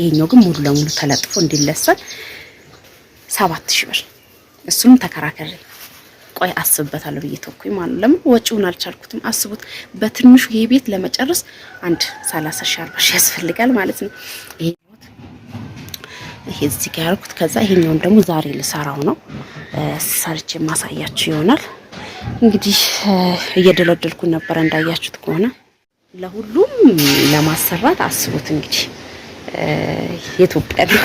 ይሄኛው ግን ሙሉ ለሙሉ ተለጥፎ እንዲለሰን ሰባት ሺህ ብር እሱንም ተከራከሬ ቆይ አስብበታለሁ ብዬ ተኩኝ ማለት ነው። ለምን ወጪውን አልቻልኩትም። አስቡት በትንሹ ይሄ ቤት ለመጨረስ አንድ 30 ሺህ 40 ሺህ ያስፈልጋል ማለት ነው። ይሄ ይሄ እዚህ ጋር ያልኩት ከዛ ይሄኛውን ደግሞ ዛሬ ልሰራው ነው። ሰርቼ ማሳያችሁ ይሆናል። እንግዲህ እየደለደልኩ ነበረ እንዳያችሁት ከሆነ ለሁሉም ለማሰራት አስቡት እንግዲህ የኢትዮጵያ ነው።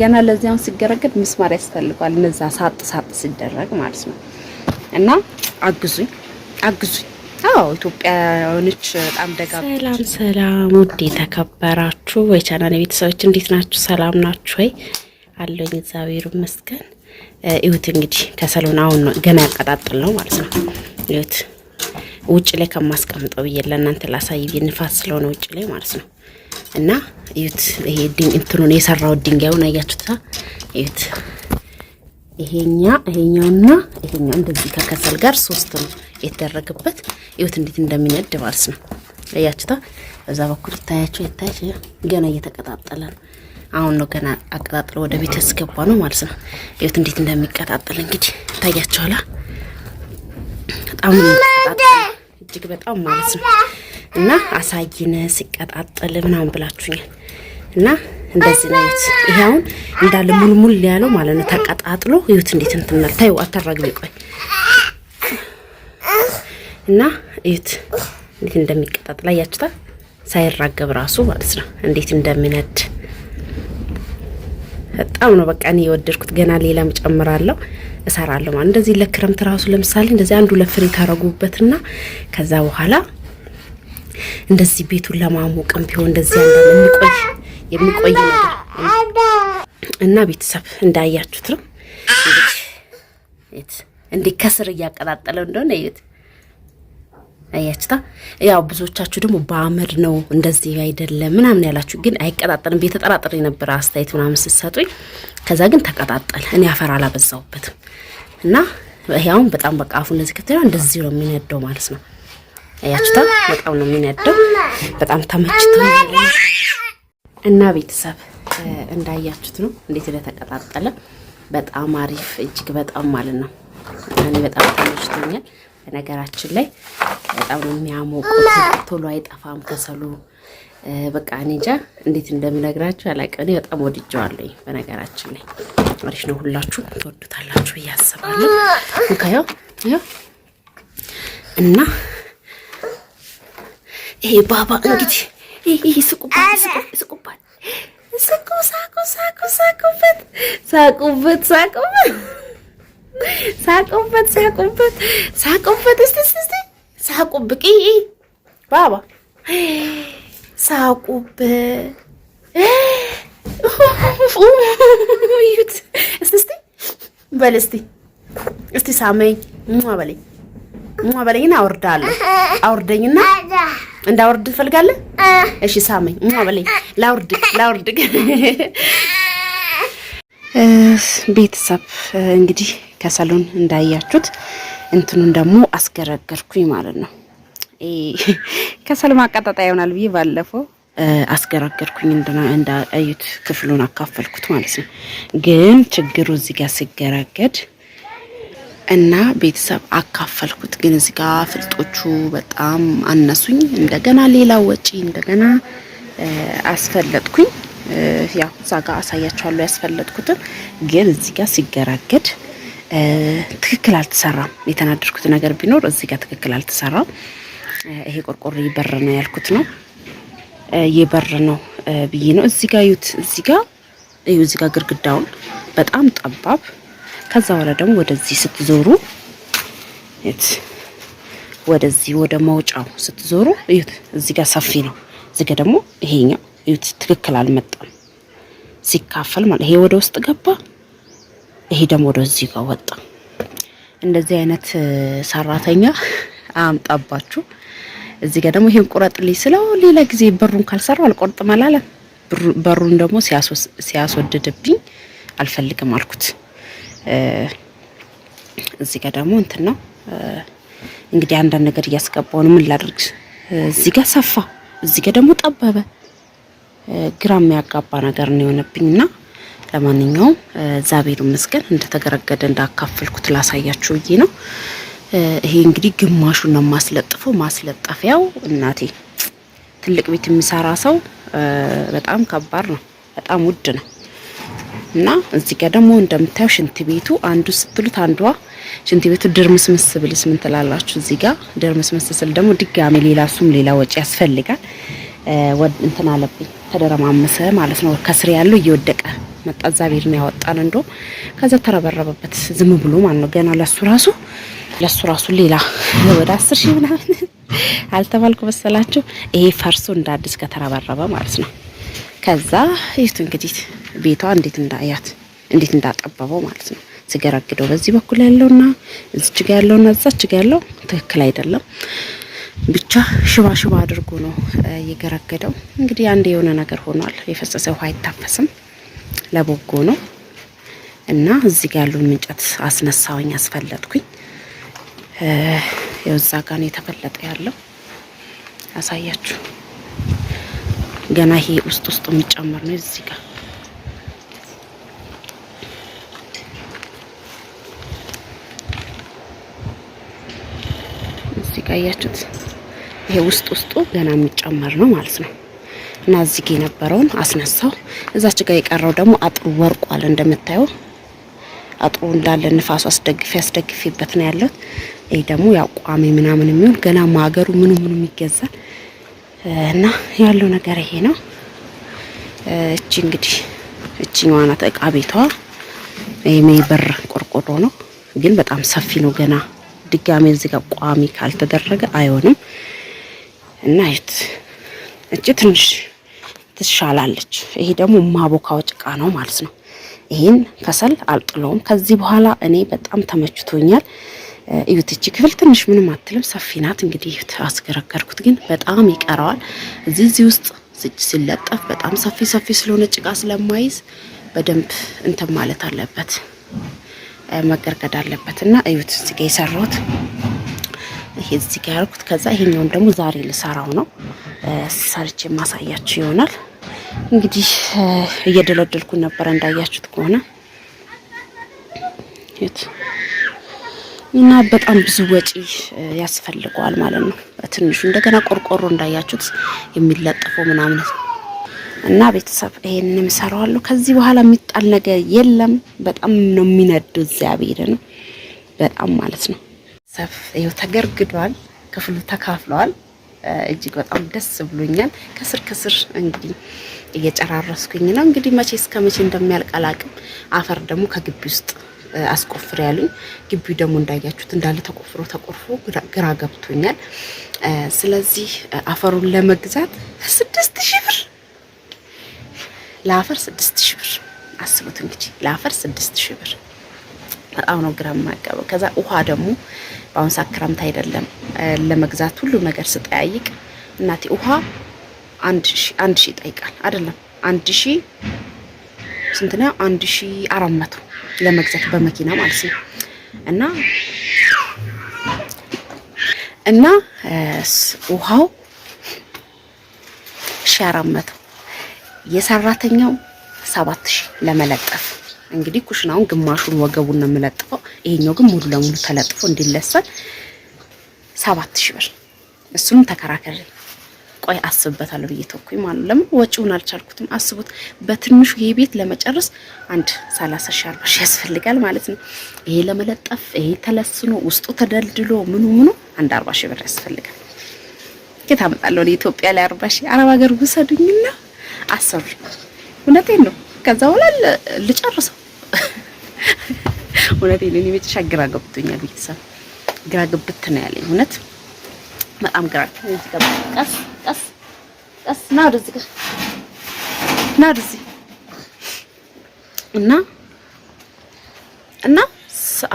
ገና ለዚያም ሲገረገድ ምስማር ያስፈልገዋል። እነዛ ሳጥ ሳጥ ሲደረግ ማለት ነው። እና አግዙኝ አግዙኝ አዎ ኢትዮጵያኖች በጣም ደጋ። ሰላም ሰላም፣ ውድ የተከበራችሁ ወይ ቻናል ቤተሰቦች እንዴት ናችሁ? ሰላም ናችሁ ወይ? አለኝ እግዚአብሔር ይመስገን። እዩት እንግዲህ ከሰሎን አሁን ገና ያቀጣጥል ነው ማለት ነው። እዩት ውጭ ላይ ከማስቀምጠው ብዬ ለእናንተ ላሳይ ብዬ ንፋስ ስለሆነ ውጭ ላይ ማለት ነው እና እዩት። ይሄ እንትኑን የሰራው ድንጋዩን አያችሁታ? እዩት። ይሄኛ ይሄኛውና ይሄኛው እንደዚህ ከከሰል ጋር ሶስት ነው የተደረገበት። እዩት እንዴት እንደሚነድ ማለት ነው። አያችሁታ? በዛ በኩል ታያችሁ የታች ገና እየተቀጣጠለ ነው። አሁን ነው ገና አቀጣጥሎ ወደ ቤት ያስገባ ነው ማለት ነው። እዩት እንዴት እንደሚቀጣጠል እንግዲህ ታያችኋላ። በጣም እጅግ በጣም ማለት ነው። እና አሳይነ ሲቀጣጠል ምናምን ብላችሁኛል እና እንደዚህ ነው። ይሄውን እንዳለ ሙልሙል ያለው ማለት ነው። ተቀጣጥሎ ይሁት እንዴት እንትናል ታዩ። አተራግ ቆይ እና ይሁት እንዴት እንደሚቀጣጥል አያችሁታል። ሳይራገብ ራሱ ማለት ነው እንዴት እንደሚነድ በጣም ነው በቃ እኔ የወደድኩት። ገና ሌላም ጨምራለሁ እሰራለሁ ማለት እንደዚህ ለክረምት ራሱ ለምሳሌ እንደዚህ አንዱ ለፍሬ ታረጉበትና ከዛ በኋላ እንደዚህ ቤቱን ለማሞቅም ቢሆን እንደዚህ አንዳንድ የሚቆይ የሚቆይ እና ቤተሰብ እንዳያችሁት ነው እንዴት ከስር እያቀጣጠለው እንደሆነ እዩት። አያችታ ያው ብዙዎቻችሁ ደግሞ በአመድ ነው እንደዚህ አይደለም ምናምን ያላችሁ ግን አይቀጣጠልም ብዬ ተጠራጥሬ ነበር አስተያየት ምናምን ስትሰጡኝ። ከዛ ግን ተቀጣጠለ። እኔ አፈር አላበዛሁበትም እና ያውን በጣም በቃ አፉ እንደዚህ ከፍተኛ እንደዚህ ነው የሚነደው ማለት ነው። አያችሁታ በጣም ነው የሚነደው። በጣም ተመችቶ እና ቤተሰብ እንዳያችሁት ነው እንዴት እንደተቀጣጠለ በጣም አሪፍ እጅግ በጣም ማለት ነው። እኔ በጣም ተመችቶኛል። በነገራችን ላይ በጣም ነው የሚያሞቁት። ቶሎ አይጠፋም ከሰሉ። በቃ እኔ እንጃ እንዴት እንደምነግራችሁ አላውቅም። እኔ በጣም ወድጀዋለሁ። በነገራችን ላይ አሪፍ ነው። ሁላችሁ ትወዱታላችሁ ብዬ አስባለሁ። እና ይሄ ባባ እንግዲህ ይሄ ስቁባት ስቁባት ስቁ ሳቁ ሳቁ ሳቁበት ሳቁበት ሳቁበት ሳቁበት ሳቁበት ሳቁበት እስቲ እስቲ ሳቁብቂ ባባ ሳቁበት እስቲ እስቲ በል እስቲ እስቲ ሳመኝ ሙ በለኝ ሙ በለኝና አውርዳለሁ አውርደኝና እንዳወርድ ትፈልጋለህ? እሺ ሳመኝ ማ በለኝ። ላውርድ ላውርድ። ቤተሰብ እንግዲህ ከሰሉን እንዳያችሁት እንትኑን ደግሞ አስገረገርኩኝ ማለት ነው። ከሰል ማቀጣጣያ ይሆናል ብዬ ባለፈው አስገራገርኩኝ እንዳዩት ክፍሉን አካፈልኩት ማለት ነው። ግን ችግሩ እዚህ ጋር ሲገራገድ እና ቤተሰብ አካፈልኩት። ግን እዚህ ጋ ፍልጦቹ በጣም አነሱኝ። እንደገና ሌላ ወጪ እንደገና አስፈለጥኩኝ። ያው እዛ ጋ አሳያችኋለሁ ያስፈለጥኩትን። ግን እዚህ ጋ ሲገራገድ ትክክል አልተሰራም። የተናደድኩት ነገር ቢኖር እዚህ ጋ ትክክል አልተሰራም። ይሄ ቆርቆሮ ይበር ነው ያልኩት ነው የበር ነው ብዬ ነው። እዚህ ጋ ዩት እዚህ ጋ እዩ እዚህ ጋ ግርግዳውን በጣም ጠባብ ከዛ በኋላ ደግሞ ወደዚህ ስትዞሩ ወደዚህ ወደ መውጫው ስትዞሩ እዩት። እዚህ ጋር ሰፊ ነው። እዚህ ጋር ደግሞ ይሄኛው እዩት፣ ትክክል አልመጣም ሲካፈል ማለት ይሄ ወደ ውስጥ ገባ፣ ይሄ ደግሞ ወደዚህ ጋር ወጣ። እንደዚህ አይነት ሰራተኛ አምጣባችሁ። እዚህ ጋር ደግሞ ይሄን ቁረጥልኝ ስለው ሌላ ጊዜ በሩን ካልሰራው አልቆርጥም አላለም። በሩን ደግሞ ሲያስወድድብኝ አልፈልግም አልኩት። እዚህ ጋር ደግሞ እንትን ነው እንግዲህ አንዳንድ ነገር እያስገባው ነው። ምን ላድርግ? እዚህ ጋር ሰፋ፣ እዚህ ጋር ደግሞ ጠበበ። ግራ የሚያጋባ ነገር ነው የሆነብኝና ለማንኛውም እግዚአብሔር ይመስገን እንደተገረገደ እንዳካፈልኩት ላሳያችሁ ብዬ ነው። ይሄ እንግዲህ ግማሹን ነው ማስለጥፈው። ማስለጠፊያው እናቴ ትልቅ ቤት የሚሰራ ሰው በጣም ከባድ ነው፣ በጣም ውድ ነው። እና እዚህ ጋር ደግሞ እንደምታዩ ሽንት ቤቱ አንዱ ስትሉት አንዷ ሽንት ቤቱ ድርምስ መስብልስ ምን ትላላችሁ? እዚህ ጋር ድርምስ መስስል ደግሞ ድጋሚ ሌላ እሱም ሌላ ወጪ ያስፈልጋል። ወድ እንትን አለብኝ ተደረማመሰ ማለት ነው። ከስር ያለው እየወደቀ መጣ። እግዚአብሔር ነው ያወጣን እንዶ ከዛ ተረበረበበት ዝም ብሎ ማለት ነው። ገና ለሱ ራሱ ለሱ ራሱ ሌላ ወደ 10 ሺህ ምናምን አልተባልኩ መሰላችሁ። ይሄ ፈርሶ እንደ አዲስ ከተረበረበ ማለት ነው። ከዛ ይህቱ እንግዲህ ቤቷ እንዴት እንዳያት እንዴት እንዳጠበበው ማለት ነው። ስገራግደው በዚህ በኩል ያለውና እዚች ጋር ያለውና እዛች ጋር ያለው ትክክል አይደለም። ብቻ ሽባ ሽባ አድርጎ ነው እየገረገደው። እንግዲህ አንድ የሆነ ነገር ሆኗል። የፈሰሰ ውሃ አይታፈስም፣ ለበጎ ነው እና እዚህ ጋር ያለውን እንጨት አስነሳውኝ፣ አስፈለጥኩኝ። የውዛ ጋር ነው የተፈለጠ ያለው አሳያችሁ ገና ይሄ ውስጥ ውስጡ የሚጨመር ነው። እዚህ ጋር እዚህ ጋር እያችሁት ይሄ ውስጥ ውስጡ ገና የሚጨመር ነው ማለት ነው። እና እዚህ ጋር የነበረውን አስነሳው። እዛች ጋር የቀረው ደግሞ አጥሩ ወርቋል እንደምታየው አጥሩ እንዳለ ንፋሱ አስደግፌ አስደግፌበት ነው ያለው። ይሄ ደግሞ ያቋሚ ምናምን የሚሆን ገና ማገሩ ምኑ ምኑ ይገዛል። እና ያለው ነገር ይሄ ነው። እቺ እንግዲህ እቺኛዋ ናት እቃ ቤቷ። የሜይ በር ቆርቆሮ ነው፣ ግን በጣም ሰፊ ነው። ገና ድጋሜ እዚህ ጋር ቋሚ ካልተደረገ አይሆንም። እና እት እቺ ትንሽ ትሻላለች። ይሄ ደግሞ ማቦካው ጭቃ ነው ማለት ነው። ይሄን ከሰል አልጥለውም። ከዚህ በኋላ እኔ በጣም ተመችቶኛል። እዩት። እቺ ክፍል ትንሽ ምንም አትልም፣ ሰፊ ናት። እንግዲህ አስገረገርኩት፣ ግን በጣም ይቀረዋል። እዚህ እዚህ ውስጥ ሲለጠፍ በጣም ሰፊ ሰፊ ስለሆነ ጭቃ ስለማይዝ በደንብ እንትን ማለት አለበት፣ መገርገድ አለበት እና እዩት። እዚህ ጋር የሰራሁት ይሄ እዚህ ጋር ያልኩት፣ ከዛ ይሄኛውን ደግሞ ዛሬ ልሰራው ነው። ሰርቼ ማሳያችሁ ይሆናል። እንግዲህ እየደለደልኩ ነበር እንዳያችሁት ከሆነ እዩት። እና በጣም ብዙ ወጪ ያስፈልገዋል ማለት ነው በትንሹ። እንደገና ቆርቆሮ እንዳያችሁት የሚለጠፈው ምናምን እና ቤተሰብ ይሄንን እምሰራዋለሁ። ከዚህ በኋላ የሚጣል ነገር የለም። በጣም ነው የሚነደው ነው በጣም ማለት ነው። ሰፍ ይኸው ተገርግዷል፣ ክፍሉ ተካፍለዋል። እጅግ በጣም ደስ ብሎኛል። ከስር ከስር እንግዲህ እየጨራረስኩኝ ነው። እንግዲህ መቼ እስከ መቼ እንደሚያልቅ አላቅም። አፈር ደግሞ ከግቢ ውስጥ አስቆፍር ያሉኝ። ግቢው ደግሞ እንዳያችሁት እንዳለ ተቆፍሮ ተቆርፎ ግራ ገብቶኛል። ስለዚህ አፈሩን ለመግዛት ስድስት ሺህ ብር ለአፈር ስድስት ሺህ ብር አስቡት እንግዲህ ለአፈር ስድስት ሺህ ብር በጣም ነው ግራ የማያጋባው። ከዛ ውሃ ደግሞ በአሁን ሰዓት ክረምት አይደለም ለመግዛት ሁሉ ነገር ስጠያይቅ እናቴ ውሃ አንድ ሺህ አንድ ሺህ ይጠይቃል አይደለም አንድ ሺህ ስንት ነው? አንድ ሺ አራት መቶ ለመግዛት በመኪና ማለት ነው እና እና ውሃው ሺ አራት መቶ የሰራተኛው ሰባት ሺ ለመለጠፍ እንግዲህ ኩሽናውን ግማሹን ወገቡን ነው የምለጥፈው። ይሄኛው ግን ሙሉ ለሙሉ ተለጥፎ እንዲለሰን ሰባት ሺ ብር እሱንም ተከራከሪ ቆይ አስብበታለሁ ብዬ ተኩኝ ማለት ነው። ለምን ወጪውን አልቻልኩትም። አስቡት፣ በትንሹ ይሄ ቤት ለመጨረስ አንድ 30 ሺህ 40 ሺህ ያስፈልጋል ማለት ነው። ይሄ ለመለጠፍ ይሄ ተለስኖ ውስጡ ተደልድሎ ምኑ ምኑ አንድ 40 ሺህ ብር ያስፈልጋል። ከታ መጣለው ለኢትዮጵያ ላይ 40 ሺህ አረብ ሀገር ውሰዱኝና አሰሩ። እውነቴን ነው። ከዛ በኋላ ልጨርሰው። እውነቴን ነው። መጨረሻ ግራ ገብቶኛል። ቤተሰብ ግራ ገብት ነው ያለኝ እውነት በጣም ግራ ጋር ቀስ ቀስ ና ወደዚህ ጋር ና ወደዚህ እና እና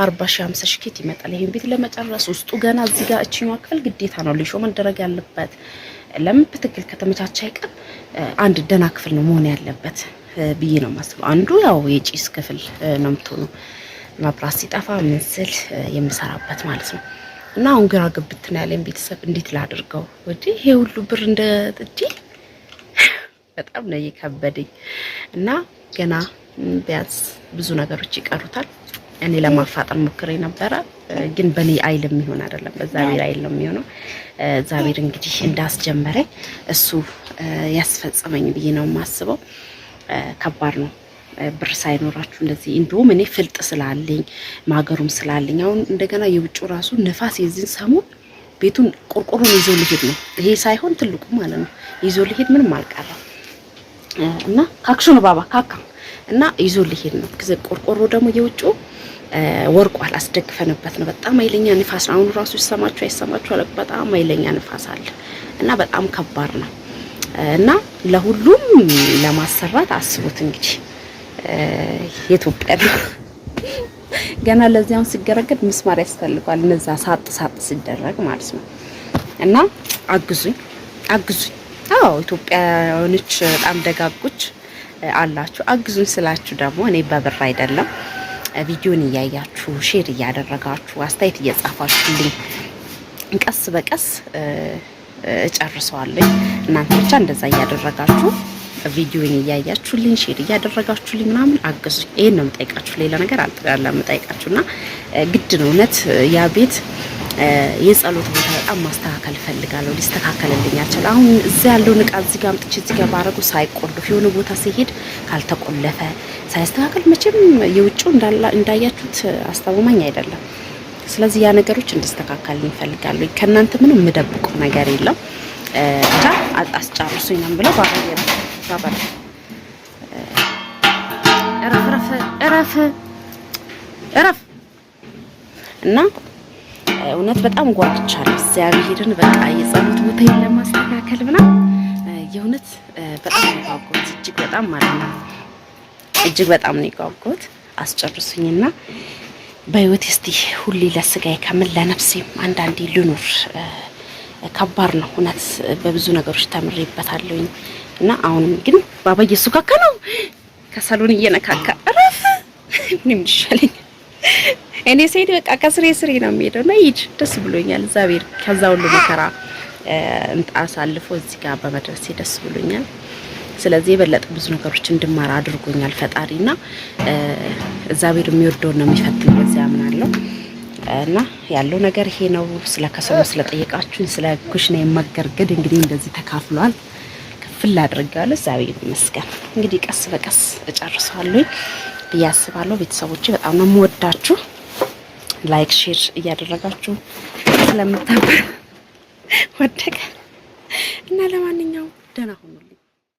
40 ሺህ 50 ሺህ ኬት ይመጣል። ይሄን ቤት ለመጨረስ ውስጡ ገና እዚህ ጋር እቺ ማክፈል ግዴታ ነው ልሾ መደረግ ያለበት ለምን በትክክል ከተመቻቸ አይቀር አንድ ደህና ክፍል ነው መሆን ያለበት ብዬ ነው የማስበው። አንዱ ያው የጭስ ክፍል ነው የምትሆነው መብራት ሲጠፋ ምን ስል የምሰራበት ማለት ነው። እና አሁን ግራ ግብት ነው ያለኝ ቤተሰብ እንዴት ላድርገው ወጂ ይሄ ሁሉ ብር እንደ ጥጂ በጣም ነው የከበደኝ እና ገና ቢያንስ ብዙ ነገሮች ይቀሩታል። እኔ ለማፋጠን ሞክሬ ነበረ፣ ግን በኔ አይል የሚሆን አይደለም፣ በእግዚአብሔር አይል ነው የሚሆነው። እግዚአብሔር እንግዲህ እንዳስጀመረኝ እሱ ያስፈጸመኝ ብዬ ነው የማስበው። ከባድ ነው ብር ሳይኖራችሁ እንደዚህ እንደውም እኔ ፍልጥ ስላለኝ ማገሩም ስላለኝ አሁን እንደገና የውጭ ራሱ ነፋስ የዚህን ሰሞን ቤቱን ቆርቆሮን ይዞ ልሄድ ነው። ይሄ ሳይሆን ትልቁ ማለት ነው ይዞ ልሄድ ምንም አልቀረም እና ካክሹ ነው ባባ ካካ እና ይዞ ልሄድ ነው። ከዚህ ቆርቆሮ ደግሞ የውጭ ወርቋል። አስደግፈንበት ነው። በጣም ኃይለኛ ንፋስ ነው። አሁን ራሱ ይሰማችሁ አይሰማችሁ አለ። በጣም ኃይለኛ ንፋስ አለ እና በጣም ከባድ ነው እና ለሁሉም ለማሰራት አስቡት እንግዲህ የኢትዮጵያ ገና ለዚያም ሲገረገድ ምስማር ያስፈልገዋል። እነዛ ሳጥ ሳጥ ሲደረግ ማለት ነው። እና አግዙኝ አግዙኝ። አዎ ኢትዮጵያኖች በጣም ደጋጎች አላችሁ። አግዙኝ ስላችሁ ደግሞ እኔ በብር አይደለም ቪዲዮን እያያችሁ ሼር እያደረጋችሁ አስተያየት እየጻፋችሁልኝ ቀስ በቀስ እጨርሰዋለሁ። እናንተ ብቻ እንደዛ እያደረጋችሁ ቪዲዮን እያያችሁልኝ ሼር እያደረጋችሁልኝ ምናምን አግዙ። ይሄን ነው የምጠይቃችሁ፣ ሌላ ነገር አልጠቃላ የምጠይቃችሁና ግድ ነው እውነት ያ ቤት የጸሎት ቦታ በጣም ማስተካከል እፈልጋለሁ። ሊስተካከልልኝ አችል አሁን እዛ ያለውን እቃ እዚህ ጋር አምጥቼ እዚህ ጋር ባረጉ ሳይቆልፍ የሆነ ቦታ ሲሄድ ካልተቆለፈ ሳያስተካከል መቼም የውጭው እንዳያችሁት አስተማማኝ አይደለም። ስለዚህ ያ ነገሮች እንዲስተካከል እንፈልጋለሁ። ከእናንተ ምንም የምደብቀው ነገር የለም። ብቻ አስጨርሱኝ ብለው ባረገ አባል እረፍ እረፍ እና እውነት በጣም ጓጉቻለሁ። እግዚአብሔርን በቃ የጸሎት ቦታዬን ለማስተካከል ምናምን የእውነት በጣም ነው የጓጉት፣ እጅግ በጣም ማለት ነው። እጅግ በጣም ነው የጓጉት። አስጨርሱኝና በህይወት እስቲ ሁሌ ለስጋዬ ከምን ለነፍሴም አንዳንዴ ልኑር ከባድ ነው እውነት በብዙ ነገሮች ተምሬበታለሁኝ እና አሁንም ግን ባባ እየሱካካ ነው ከሰሉን እየነካካ እረፍ ምንም ይሻለኝ እኔ ስሄድ በቃ ከስሬ ስሬ ነው የሚሄደው እና ይጅ ደስ ብሎኛል እግዚአብሔር ከዛ ሁሉ መከራ አሳልፎ እዚህ ጋር በመድረሴ ደስ ብሎኛል ስለዚህ የበለጠ ብዙ ነገሮች እንድማር አድርጎኛል ፈጣሪና እግዚአብሔር የሚወደውን ነው የሚፈትነው በዚያ አምናለሁ እና ያለው ነገር ይሄ ነው። ስለ ከሰሉ ስለጠየቃችሁኝ፣ ስለ ኩሽና የማገርገድ እንግዲህ እንደዚህ ተካፍሏል። ክፍል አድርጋለ እግዚአብሔር ይመስገን። እንግዲህ ቀስ በቀስ እጨርሰዋለሁ ብዬ አስባለሁ። ቤተሰቦቼ በጣም ነው የምወዳችሁ። ላይክ ሼር እያደረጋችሁ ስለምታበ ወደቀ እና ለማንኛውም ደህና ሁኑ።